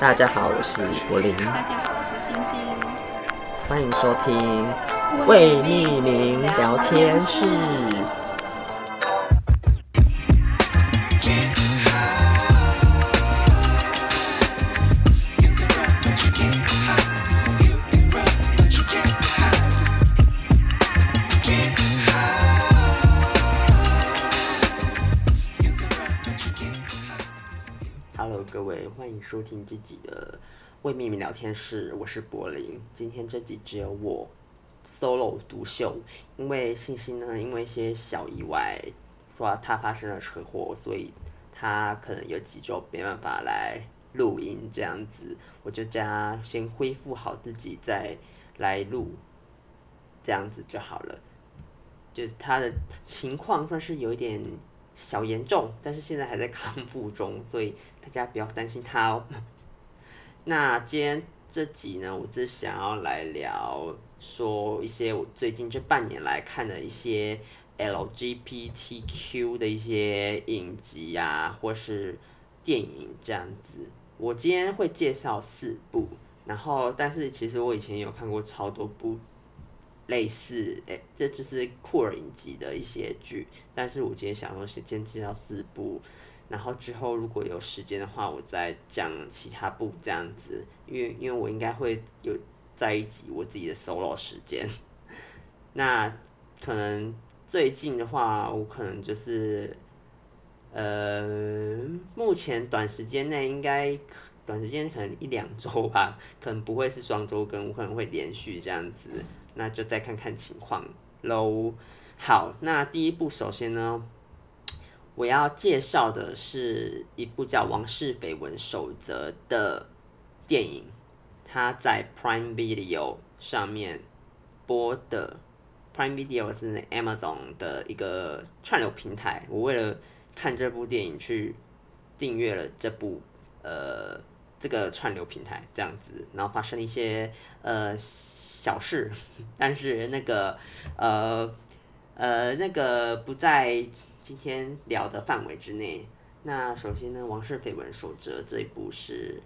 大家好，我是柏霖。大家好，我是心心。歡迎收聽未命名聊天室。收聽自己的《未命名聊天室》，我是柏霖。今天這集只有我 solo 獨秀，因為心心呢，因為一些小意外，說他發生了車禍，所以他可能有幾周沒辦法來錄音這樣子，我就叫他先恢復好自己，再來錄，這樣子就好了。就是他的情況算是有一點。小嚴重，但是現在還在康復中，所以大家不要擔心他哦。 那今天這集呢，我只想要來聊說一些我最近這半年來看的一些 LGBTQ 的一些影集呀、啊，或是電影這樣子。我今天會介紹四部，然後但是其實我以前有看過超多部。類似誒、欸，這就是酷兒影集的一些劇，但是我今天想說先介紹四部，然後之後如果有時間的話，我再講其他部這樣子，因為因為我應該會有在一集我自己的 solo 時間，那可能最近的話，我可能就是，呃，目前短時間內應該短時間可能一兩周吧，可能不會是雙周更，我可能會連續這樣子。那就再看看情況嘍。好，那第一部首先呢，我要介紹的是一部叫《王室緋聞守則》的電影，它在 Prime Video 上面播的。Prime Video 是 Amazon 的一個串流平台，我為了看這部電影去訂閱了這部呃這個串流平台，這樣子，然後發生一些呃。小事，但是那個呃呃那個不在今天聊的範圍之內。那首先呢，《王室緋聞守則》這一部是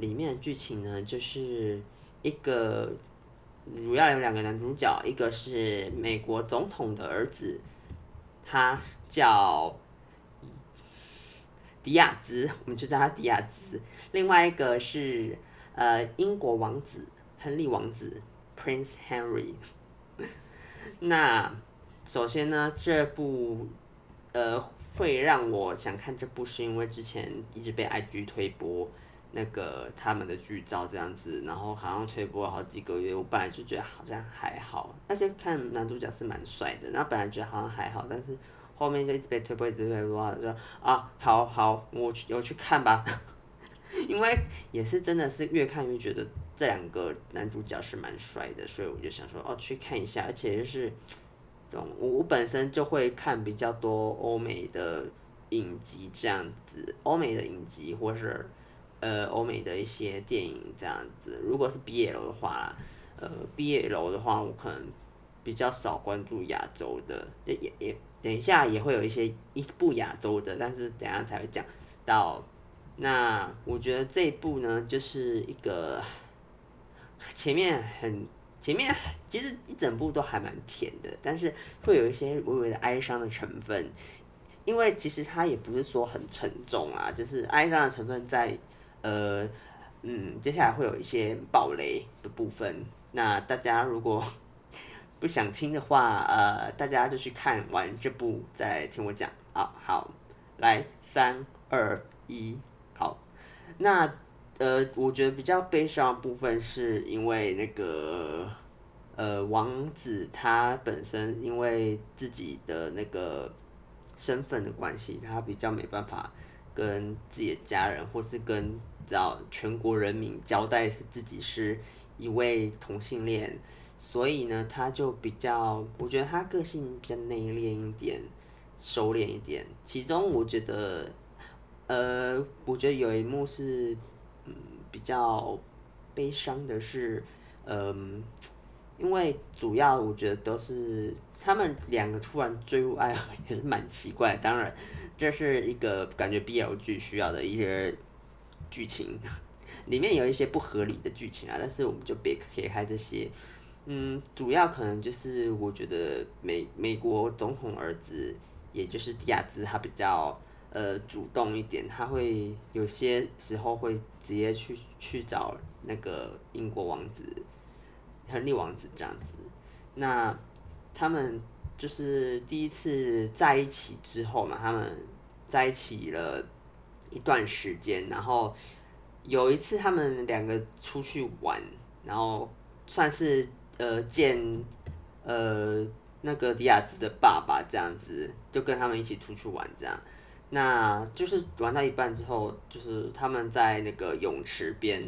裡面的劇情呢，就是一個主要有兩個男主角，一個是美國總統的兒子，他叫迪亞茲，我們就叫他迪亞茲；另外一個是呃英國王子亨利王子。Prince Henry， 那首先呢，這部呃會讓我想看這部，是因為之前一直被 IG 推播那個他們的劇照這樣子，然後好像推播了好幾個月，我本來就覺得好像還好，那就看男主角是蠻帥的，那本來覺得好像還好，但是後面就一直被推播，一直被推播，就說啊，好好，我去我去看吧， 因為也是真的是越看越覺得。這兩個男主角是蠻帥的，所以我就想說哦，去看一下。而且就是這種，我我本身就會看比較多歐美的影集這樣子，歐美的影集或者是，呃，歐美的一些電影這樣子。如果是 BL 的話啦，呃，BL 的話我可能比較少關注亞洲的，也也等一下也會有一些一部亞洲的，但是等下才會講到。那我覺得這一部呢就是一個。前面很，前面其實一整部都還蠻甜的，但是會有一些微微的哀傷的成分，因為其實它也不是說很沉重啊，就是哀傷的成分在，呃，嗯，接下來會有一些暴雷的部分。那大家如果不想聽的話，呃，大家就去看完這部再聽我講啊。好，好，來三二一，3, 2, 1, 好，那。呃，我覺得比較悲傷的部分是因為那個，呃，王子他本身因為自己的那個身份的關係，他比較沒辦法跟自己的家人或是跟找全國人民交代是自己是一位同性戀，所以呢，他就比較，我覺得他個性比較內斂一點，收斂一點。其中我覺得，呃，我覺得有一幕是。嗯，比較悲傷的是，嗯，因為主要我覺得都是他們兩個突然墜入愛河也是蠻奇怪的。當然，這，就是一個感覺 BLG 需要的一些劇情，裡面有一些不合理的劇情啊。但是我們就別撇開這些。嗯，主要可能就是我覺得美美國總統兒子，也就是迪亞茲，他比較。呃，主動一點，他會有些時候會直接去去找那個英國王子，亨利王子這樣子。那他們就是第一次在一起之後嘛，他們在一起了一段時間，然後有一次他們兩個出去玩，然後算是呃見呃那個迪亞茲的爸爸這樣子，就跟他們一起出去玩這樣。那就是玩到一半之後，就是他們在那個泳池邊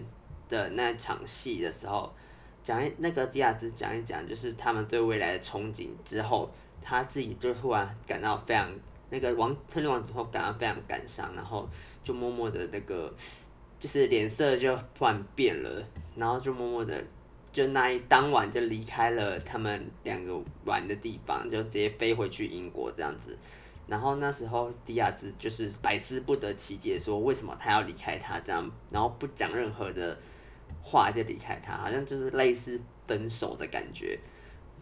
的那場戲的時候，講那個迪亞茲講一講，就是他們對未來的憧憬之後，他自己就突然感到非常那個王特利王子之後感到非常感傷，然後就默默的那個，就是臉色就突然變了，然後就默默的就那一當晚就離開了他們兩個玩的地方，就直接飛回去英國這樣子。然後那時候，迪亞茲就是百思不得其解，說為什麼他要離開他這樣，然後不講任何的話就離開他，好像就是類似分手的感覺。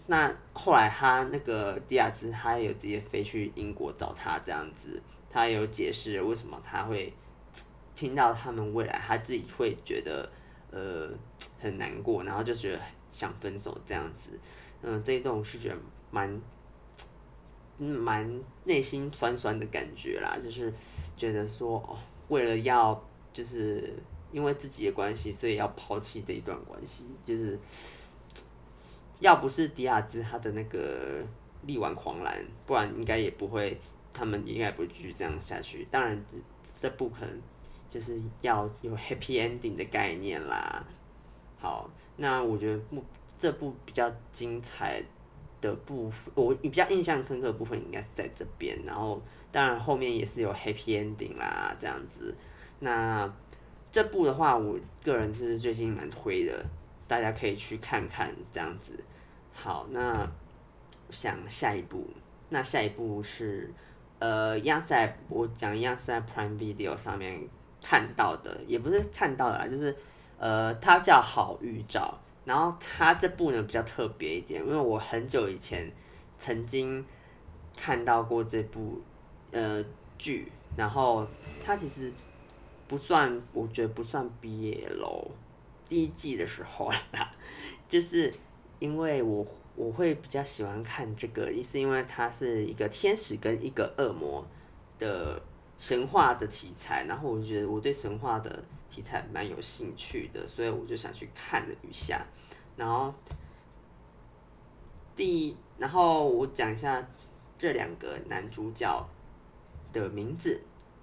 那後來他那個迪亞茲，他也有直接飛去英國找他這樣子，他也有解釋為什麼他會聽到他們未來，他自己會覺得呃很難過，然後就覺得想分手這樣子。嗯、呃，這一段我是覺得蠻。蠻內心酸酸的感覺啦，就是覺得說，哦，為了要，就是因為自己的關係，所以要拋棄這一段關係，就是要不是迪亞茲他的那個力挽狂瀾，不然應該也不會，他們應該也不會繼續這樣下去。當然，這部可能就是要有 happy ending 的概念啦。好，那我覺得這部比較精彩的部分，我比較印象深刻的部分應該是在這邊，然後當然後面也是有 happy ending 啦，這樣子。那這部的話，我個人是最近蠻推的，大家可以去看看這樣子。好，那想下一部，那下一部是呃，一樣是在我講一樣是在 Prime Video 上面看到的，也不是看到的啦，就是呃，它叫《好預兆》。然後它這部呢，比較特別一點，因為我很久以前曾經看到過這部呃劇，然後它其實不算，我覺得不算 BL 嘍。第一季的時候啦，就是因為我我會比較喜歡看這個，也是因為它是一個天使跟一個惡魔的神話的題材，然後我覺得我對神話的。題材蠻有興趣的，所以我就想去看了一下。然後，第然後我講一下這兩個男主角的名字，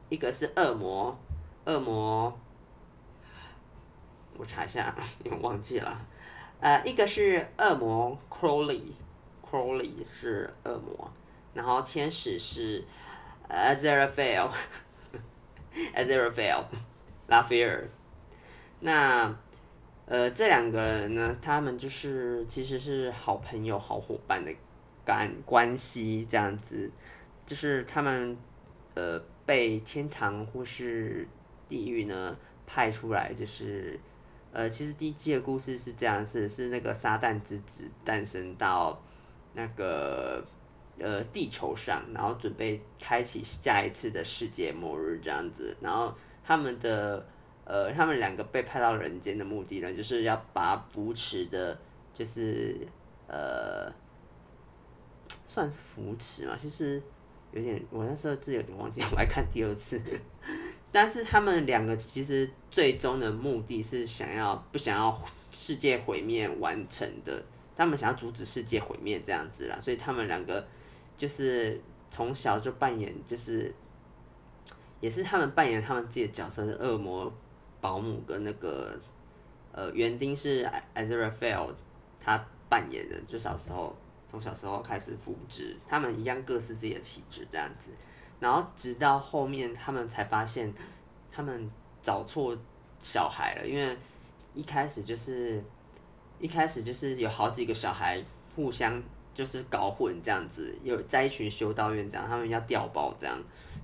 一個是惡魔，惡魔，我查一下， 因為我忘記了，呃，一個是惡魔 Crowley，Crowley 是惡魔，然後天使是呃 Aziraphale，Aziraphale。 拉斐爾，那呃，這兩個人呢，他們就是其實是好朋友、好夥伴的關關係這樣子，就是他們呃被天堂或是地獄呢派出來，就是呃，其實第一季的故事是這樣子，是那個撒旦之子誕生到那個呃地球上，然後準備開啟下一次的世界末日這樣子，然後。他們的呃，他們兩個被派到人間的目的呢，就是要把扶持的，就是呃，算是扶持嘛。其實有點，我那時候自己有點忘記，我來看第二次。但是他們兩個其實最終的目的，是想要不想要世界毀滅完成的？他們想要阻止世界毀滅這樣子啦。所以他們兩個就是從小就扮演，就是。也是他們扮演他們自己的角色，是惡魔保姆跟那個呃園丁，是 Aziraphale 他扮演的。就小時候，從小時候開始複製，他們一樣各司自己的旗幟這樣子，然後直到後面他們才發現他們找錯小孩了，因為一開始就是一開始就是有好幾個小孩互相就是搞混這樣子，有在一群修道院長他們要調包這樣。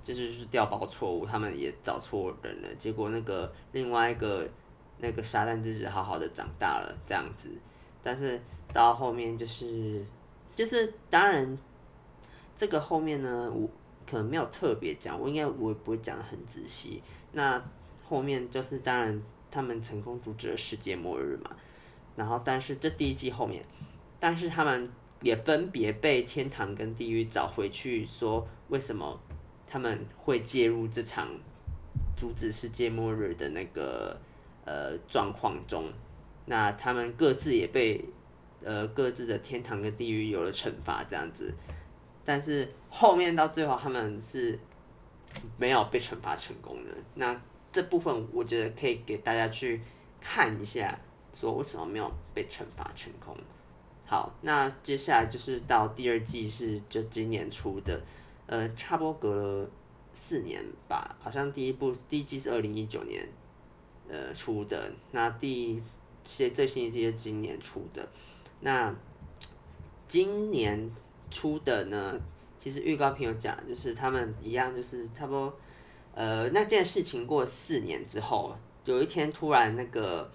這就是調包錯誤，他們也找錯人了。結果那個另外一個那個撒旦之子好好的長大了，這樣子。但是到後面就是就是當然這個後面呢，我可能沒有特別講，我應該我也不會講的很仔細。那後面就是當然他們成功阻止了世界末日嘛。然後但是這第一季後面，但是他們也分別被天堂跟地獄找回去，說爲什麼？他們會介入這場阻止世界末日的那個呃狀況中，那他們各自也被呃各自的天堂跟地獄有了懲罰這樣子，但是後面到最後他們是沒有被懲罰成功的。那這部分我覺得可以給大家去看一下，說為什麼沒有被懲罰成功。好，那接下來就是到第二季是就今年出的。呃，差不多隔了四年吧，好像第一部第一季是二零一九年，呃出的。那第一最新一季是今年出的。那今年出的呢，其實預告片有講，就是他們一樣，就是差不多，呃，那件事情過四年之後，有一天突然那個，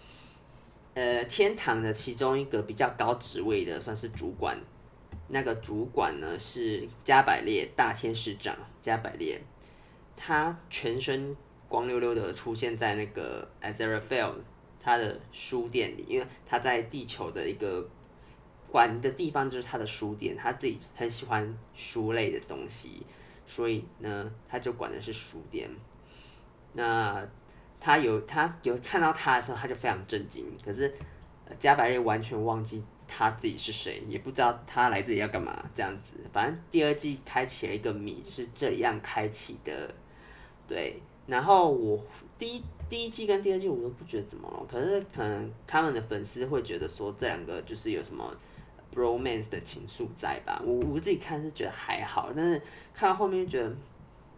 呃，天堂的其中一個比較高職位的，算是主管。那個主管呢，是加百列，大天使長加百列，他全身光溜溜的出現在那個 Aziraphale 他的書店裡，因為他在地球的一個管的地方就是他的書店，他自己很喜歡書類的東西，所以呢，他就管的是書店。那他有他有看到他的時候，他就非常震驚，可是加百列完全忘記，他自己是誰也不知道，他來這裡要幹嘛？這樣子，反正第二季開啟了一個謎，就是這樣開啟的。對，然後我第一第一季跟第二季我都不覺得怎麼了，可是可能他們的粉絲會覺得說這兩個就是有什麼 bromance 的情愫在吧？我我自己看是覺得還好，但是看到後面就覺得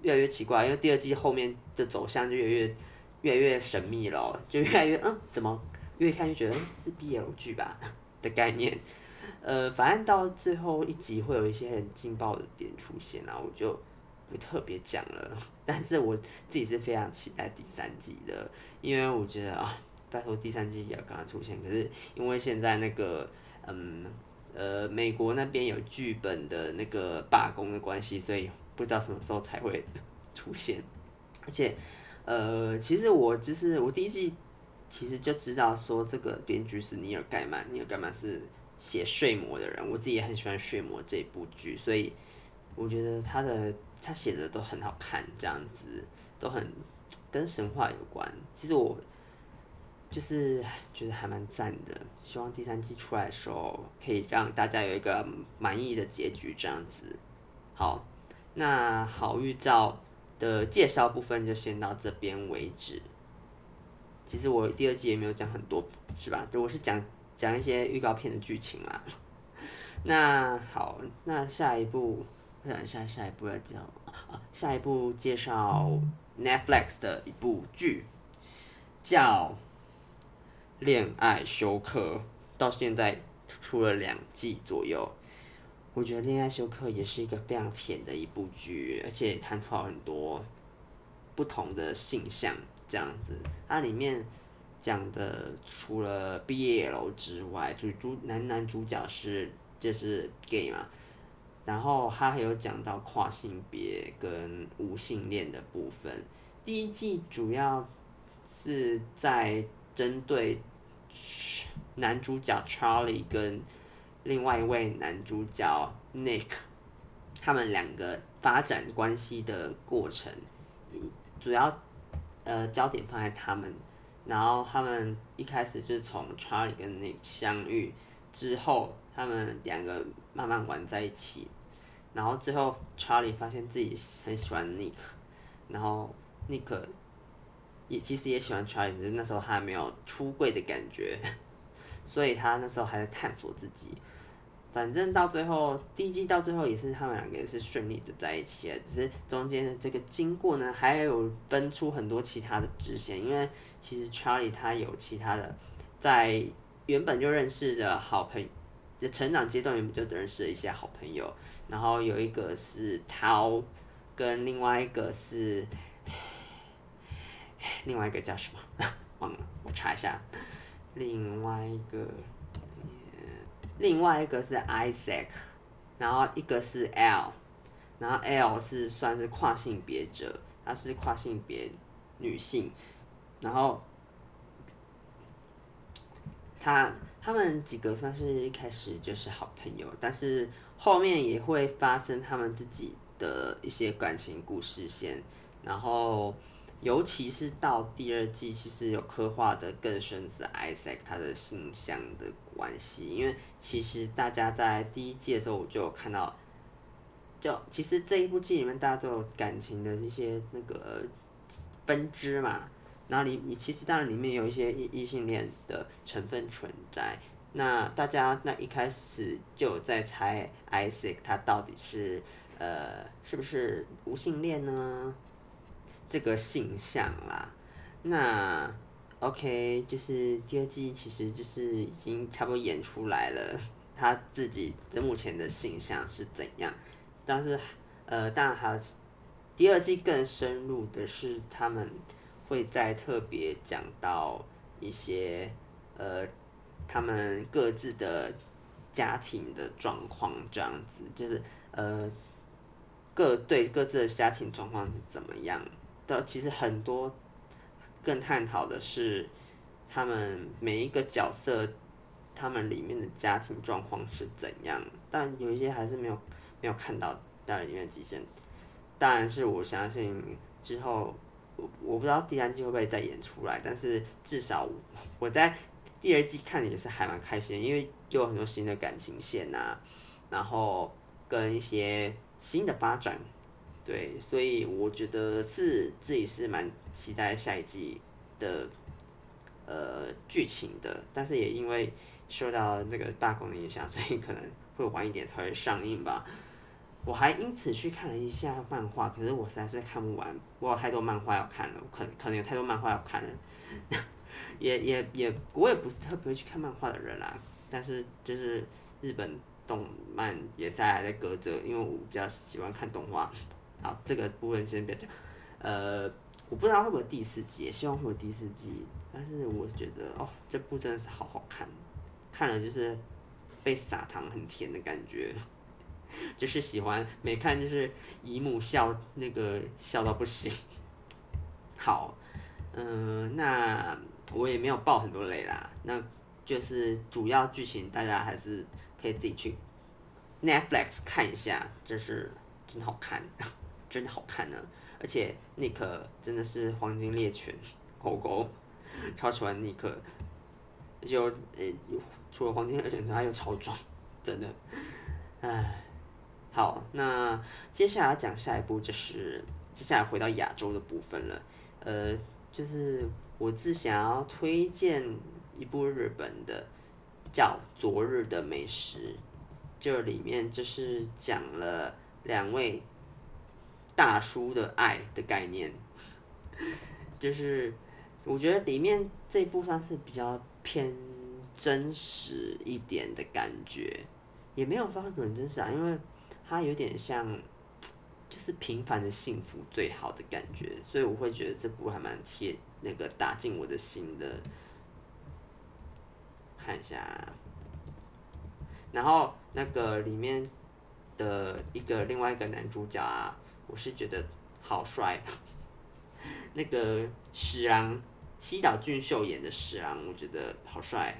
越來越奇怪，因為第二季後面的走向就越來越越來越神秘咯，就越來越嗯，怎麼越看越覺得是 BL 劇吧？的概念，呃，反正到最後一集會有一些很勁爆的點出現，啊，然後我就不特別講了。但是我自己是非常期待第三季的，因為我覺得啊，哦，拜託第三季也要剛剛出現。可是因為現在那個，嗯，呃，美國那邊有劇本的那個罷工的關係，所以不知道什麼時候才會出現。而且，呃，其實我就是我第一季。其實就知道說，這個編劇是尼爾蓋曼，尼爾蓋曼是寫《睡魔》的人，我自己也很喜歡《睡魔》這部劇，所以我覺得他的他寫的都很好看，這樣子都很跟神話有關。其實我就是覺得還蠻讚的，希望第三季出來的時候可以讓大家有一個滿意的結局，這樣子。好，那好預兆的介紹部分就先到這邊為止。其實我第二季也沒有講很多，是吧？我是講講一些預告片的劇情啦。 那好，那下一部，我想下下一部要講啊，下一部介紹 Netflix 的一部劇，叫《戀愛修課》，到現在出了兩季左右。我覺得《戀愛修課》也是一個非常甜的一部劇，而且探討很多不同的性向。這樣子，它裡面講的除了 BL 之外，主主男男主角是就是 gay 嘛，然後他還有講到跨性別跟無性戀的部分。第一季主要是在針對男主角 Charlie 跟另外一位男主角 Nick 他們兩個發展關係的過程，主要。呃，焦點放在他們，然後他們一開始就是從 Charlie 跟 Nick 相遇之後，他們兩個慢慢玩在一起，然後最後 Charlie 發現自己很喜歡 Nick，然後 Nick 也其實也喜歡 Charlie，只是那時候他還沒有出櫃的感覺，所以他那時候還在探索自己。反正到最後，第一季到最後也是他們兩個也是順利的在一起了，只是中間的這個經過呢，還有分出很多其他的支線。因為其實 Charlie 他有其他的，在原本就認識的好朋友，成長階段原本就認識了一些好朋友，然後有一個是濤，跟另外一個是另外一個叫什麼？忘了，我查一下，另外一個。另外一個是 Isaac，然後一個是 L，然後 L 是算是跨性別者，她是跨性別女性，然後他，他他們幾個算是一開始就是好朋友，但是後面也會發生他們自己的一些感情故事線，然後尤其是到第二季，其實有刻畫的更深，是 Isaac 他的形象的故事。關係，因為其實大家在第一季的時候我就有看到，就其實這一部劇裡面大家都有感情的一些那個分支嘛，然後你你，其實當然裡面有一些異異性戀的成分存在，那大家那一開始就有在猜 Isaac 他到底是呃是不是無性戀呢？這個性向啦，那。OK，就是第二季，其實就是已經差不多演出來了，他自己的目前的形象是怎樣。但是，呃，當然還有第二季更深入的是，他們會再特別講到一些，呃，他們各自的家庭的狀況這樣子，就是呃，各對各自的家庭狀況是怎麼樣的，其實很多。更探討的是他們每一個角色，他們裡面的家庭狀況是怎樣，但有一些還是沒有沒有看到在裡面的極限，當然，但是我相信之後，我，我不知道第三季會不會再演出來，但是至少我，我在第二季看也是還蠻開心，因為又有很多新的感情線吶、啊，然後跟一些新的發展。對，所以我覺得是自己是蠻期待下一季的，呃，劇情的。但是也因為受到那個罷工的影響，所以可能會晚一點才會上映吧。我還因此去看了一下漫畫，可是我實在是看不完，我有太多漫畫要看了，我可能可能有太多漫畫要看了。 也也也，我也不是特別會去看漫畫的人啦、啊。但是就是日本動漫也在還在擱著，因為我比較喜歡看動畫。好，這個部分先別講，呃，我不知道會不會第四季，希望會有第四季，但是我覺得哦，這部真的是好好看，看了就是被撒糖很甜的感覺，就是喜歡，每看就是姨母笑，那個笑到不行。好，嗯、呃，那我也沒有爆很多雷啦，那就是主要劇情大家還是可以自己去 Netflix 看一下，就是真好看。真的好看呢、啊，而且尼克真的是黃金獵犬狗狗，超喜歡尼克，就、欸、呃，除了黃金獵犬之外，還有超壯，真的，唉，好，那接下來要講下一部，就是接下來回到亞洲的部分了，呃，就是我自想要推薦一部日本的，叫《昨日的美食》，這裡面就是講了兩位。大叔的愛的概念，就是，我覺得裡面這一部算是比較偏真實一點的感覺，也沒有說很真實啊，因為它有點像，就是平凡的幸福最好的感覺，所以我會覺得這部還蠻貼那個打進我的心的。看一下，然後那個裡面的一個另外一個男主角啊。我是覺得好帥，那個史朗西島俊秀演的史朗，我覺得好帥。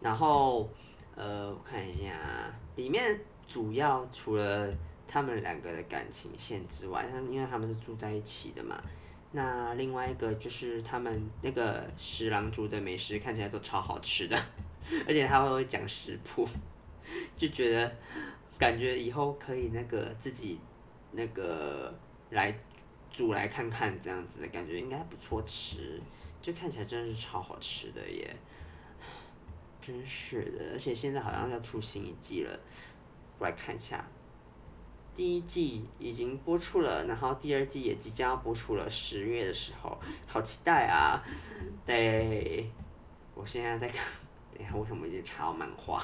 然後，呃，我看一下，裡面主要除了他們兩個的感情線之外，他們因為他們是住在一起的嘛，那另外一個就是他們那個史朗煮的美食看起來都超好吃的，而且他會講食譜，就覺得。感覺以後可以那個自己那個來煮來看看，這樣子的感覺應該不錯吃，就看起來真的是超好吃的耶，真是的！而且現在好像要出新一季了，我來看一下，第一季已經播出了，然後第二季也即將要播出了，十月的時候，好期待啊！得，我現在在看，等下，我怎麼已經到漫畫？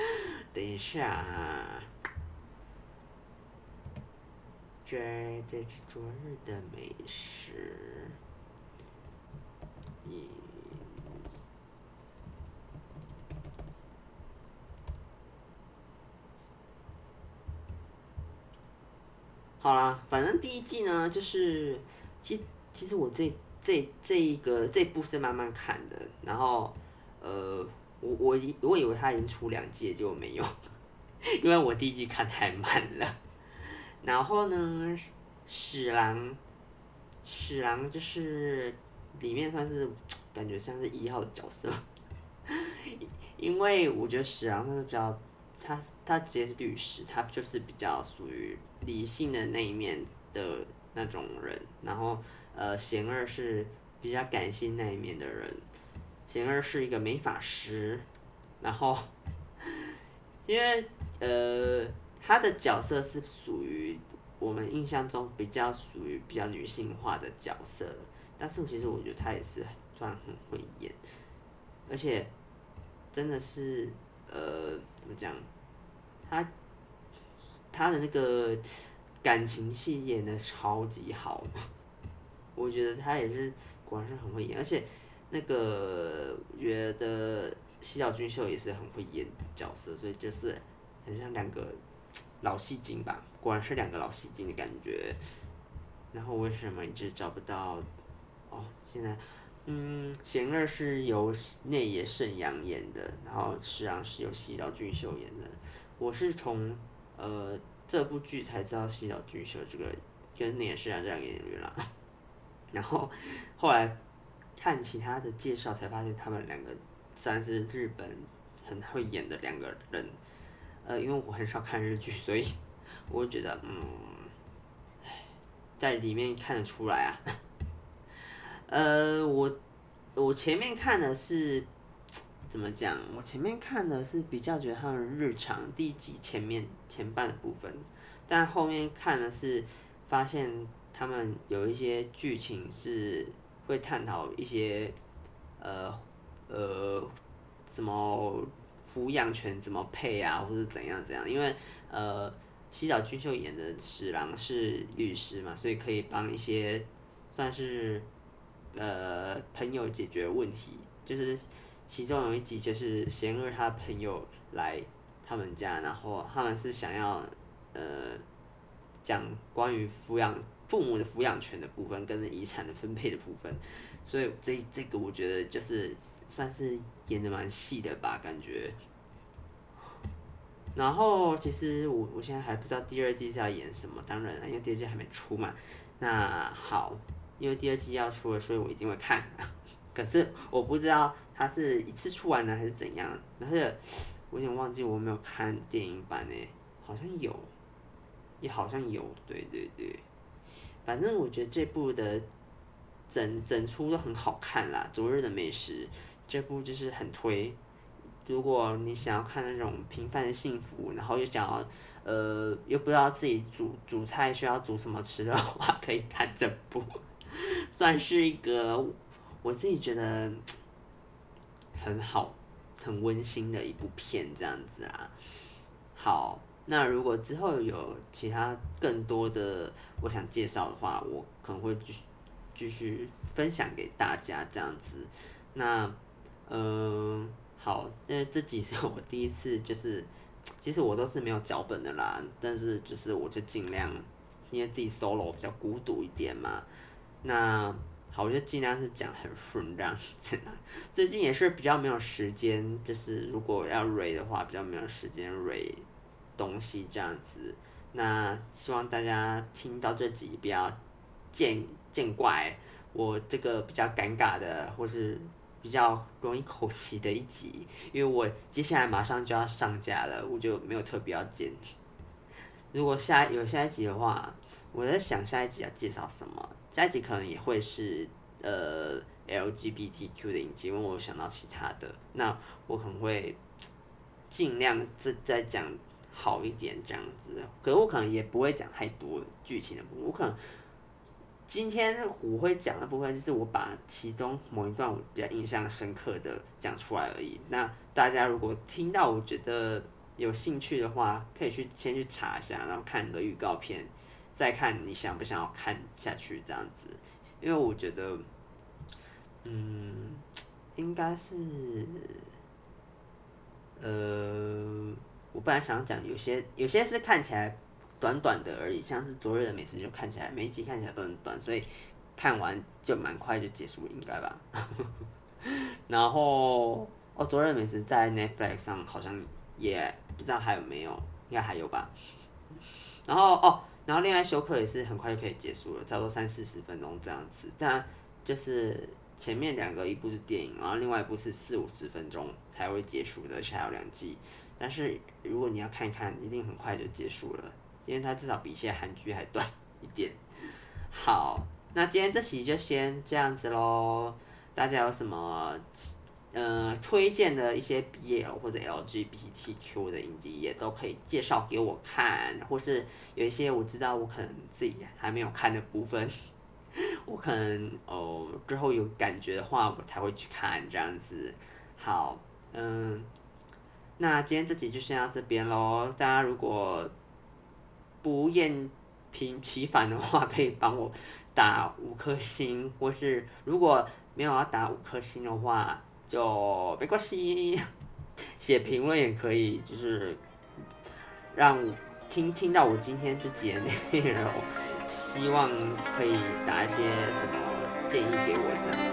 等一下、啊，這這是昨日的美食、嗯。好啦，反正第一季呢，就是其其實我這這這一個，這，一個這部是慢慢看的，然後呃。我我以我以為他已經出兩季了，結果沒用，因為我第一季看太慢了。然後呢，史郎，史郎就是裡面算是感覺像是一號的角色，因為我覺得史郎他是比較，他他其實是律師，他就是比較屬於理性的那一面的那種人。然後呃，賢二是比較感性那一面的人。賢二是一個美髮師，然後，因為呃，他的角色是屬於我們印象中比較屬於比較女性化的角色，但是其實我覺得他也是算很會演，而且，真的是呃，怎麼講，他他的那個感情戲演的超級好，我覺得他也是果然是很會演，而且。那個覺得西島俊秀也是很會演的角色，所以就是很像兩個老戲精吧，果然是兩個老戲精的感覺。然後為什麼一直找不到？哦，現在，嗯，賢二是由內野聖陽演的，然後史朗是由西島俊秀演的。我是從呃這部劇才知道西島俊秀這個跟內野聖陽這兩個演員了啦。然後後來。看其他的介紹才發現，他們兩個算是日本很會演的兩個人。呃，因為我很少看日劇，所以我覺得，嗯，在裡面看得出來啊。 呃，我我前面看的是怎麼講？我前面看的是比較覺得他們日常第一集前面前半的部分，但後面看的是發現他們有一些劇情是。會探討一些，呃，呃，怎麼撫養權怎麼配啊，或者怎樣怎樣，因為，呃，西島秀俊演的史郎是律師嘛，所以可以幫一些算是呃朋友解決問題。就是其中有一集就是賢二他朋友來他們家，然後他們是想要呃講關於撫養。父母的撫養權的部分，跟遺產的分配的部分，所以這這個我覺得就是算是演得蠻細的吧，感覺。然後其實我我現在還不知道第二季是要演什麼，當然了，因為第二季還沒出嘛。那好，因為第二季要出了，所以我一定會看。可是我不知道它是一次出完呢，還是怎樣？但是，我有點忘記，我沒有看電影版呢，欸，好像有，也好像有，對對對。反正我覺得這部的整整出都很好看啦，《昨日的美食》這部就是很推。如果你想要看那種平凡的幸福，然後又想要呃，又不知道自己煮煮菜，需要煮什麼吃的話，可以看這部，算是一個我，我自己覺得很好、很溫馨的一部片這樣子啊，好。那如果之後有其他更多的我想介紹的話，我可能會繼續繼續分享給大家這樣子。那，嗯，好，因為這集是我第一次就是，其實我都是沒有腳本的啦，但是就是我就盡量，因為自己 solo 比較孤獨一點嘛。那好，我就盡量是講很順這樣子。 最近也是比較沒有時間，就是如果要 re 的話，比較沒有時間 re 東西這樣子，那希望大家聽到這集不要見見怪，我這個比較尷尬的或是比較容易口吃的一集，因為我接下來馬上就要上架了，我就沒有特別要剪。如果下有下一集的話，我在想下一集要介紹什麼，下一集可能也會是呃 LGBTQ 的影集，因為我想到其他的，那我可能會盡量再在講。在好一點這樣子，可是我可能也不會講太多劇情的部分。我可能今天我會講的部分，就是我把其中某一段我比較印象深刻的講出來而已。那大家如果聽到我覺得有興趣的話，可以去先去查一下，然後看個預告片，再看你想不想要看下去這樣子。因為我覺得，嗯，應該是，呃。我本來想講，有些有些是看起來短短的而已，像是《昨日的美食》就看起來每一集看起來都很短，所以看完就蠻快就結束了，應該吧。 然後，哦，《昨日的美食》在 Netflix 上好像也不知道還有沒有，應該還有吧。然後，哦，然後《戀愛修課》也是很快就可以結束了，差不多三四十分鐘這樣子。但就是前面兩個一部是電影，然後另外一部是四五十分鐘才會結束的，而且還有兩季。但是如果你要看一看，一定很快就結束了，因為它至少比一些韓劇還短一點。好，那今天這期就先這樣子嘍。大家有什麼，呃，推薦的一些 BL 或者 LGBTQ 的影集，也都可以介紹給我看，或是有一些我知道我可能自己還沒有看的部分，我可能哦之後有感覺的話，我才會去看這樣子。好，嗯。那今天這集就先到這邊嘍，大家如果不厭其煩的話，可以幫我打五顆星，或是如果沒有要打五顆星的話，就沒關係，寫評論也可以，就是讓我聽聽到我今天這集的內容，希望可以打一些什麼建議給我這樣。